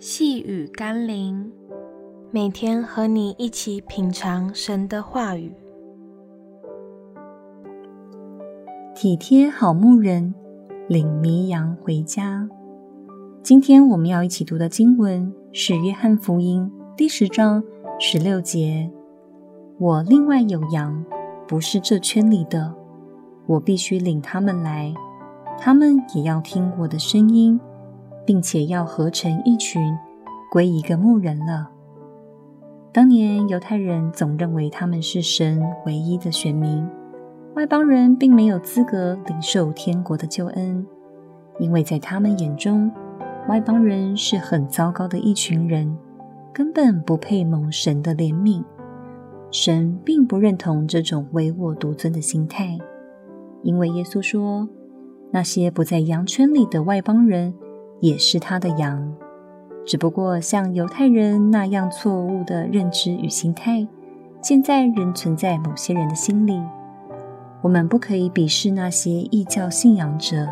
細語甘霖，每天和你一起品嘗神的話語。體貼好牧人，領迷羊回家。今天我們要一起讀的經文是《約翰福音》第十章十六節：“我另外有羊，不是這圈裡的，我必須領他們來，他們也要聽我的聲音。”並且要合成一群，歸一個牧人了。當年猶太人總認為他們是神唯一的選民，外邦人並沒有資格領受天國的救恩，因為在他們眼中，外邦人是很糟糕的一群人，根本不配蒙神的憐憫。神並不認同這種唯我獨尊的心態，因為耶穌說：“那些不在羊圈裡的外邦人。”也是他的羊，只不過像猶太人那樣錯誤的認知與心態，現在仍存在某些人的心裡。我們不可以鄙視那些異教信仰者，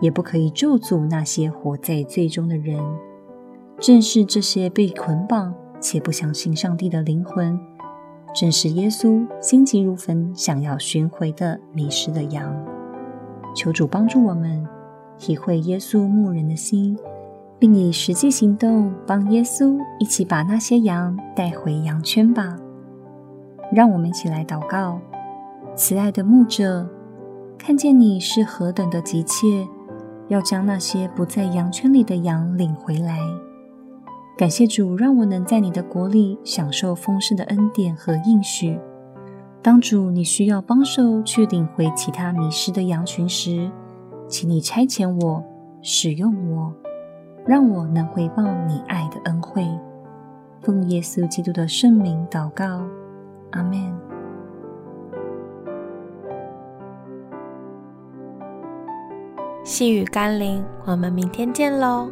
也不可以咒詛那些活在罪中的人。正是這些被捆綁且不相信上帝的靈魂，正是耶穌心急如焚想要尋回的迷失的羊。求主幫助我們，體會耶穌牧人的心，並以實際行動幫耶穌一起把那些羊帶回羊圈吧！讓我們一起來禱告：慈愛的牧者，看見你是何等地急切，要將那些不在羊圈裡的羊領回來。感謝主，讓我能在你的國裡享受豐盛的恩典和應許。當主，你需要幫手去領回其他迷失的羊群時，請你差遣我，使用我，讓我能回報你愛的恩惠。奉耶穌基督的聖名禱告，阿們。細語甘霖，我們明天見嘍！